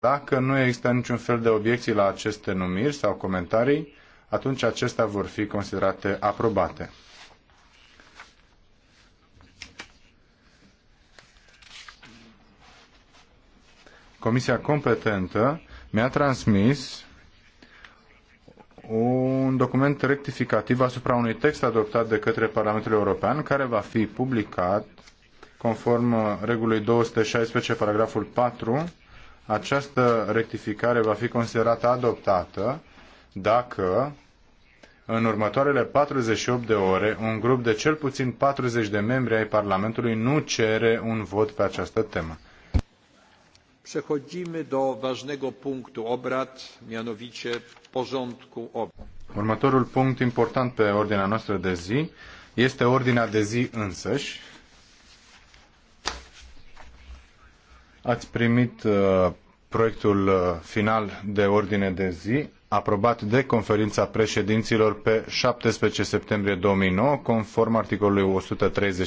Dacă nu există niciun fel de obiecții la aceste numiri sau comentarii, atunci acestea vor fi considerate aprobate. Comisia competentă mi-a transmis un document rectificativ asupra unui text adoptat de către Parlamentul European, care va fi publicat conform regulii 216, paragraful 4 această rectificare va fi considerată adoptată dacă în următoarele 48 de ore un grup de cel puțin 40 de membri ai Parlamentului nu cere un vot pe această temă. Przechodzimy do ważnego punktu obrad, mianowicie porządku obrad. Următorul punct important pe ordinea noastră de zi este ordinea de zi însăși. Ați primit uh, proiectul uh, final de ordine de zi aprobat de conferința președinților pe 17 septembrie 2009 conform articolului 130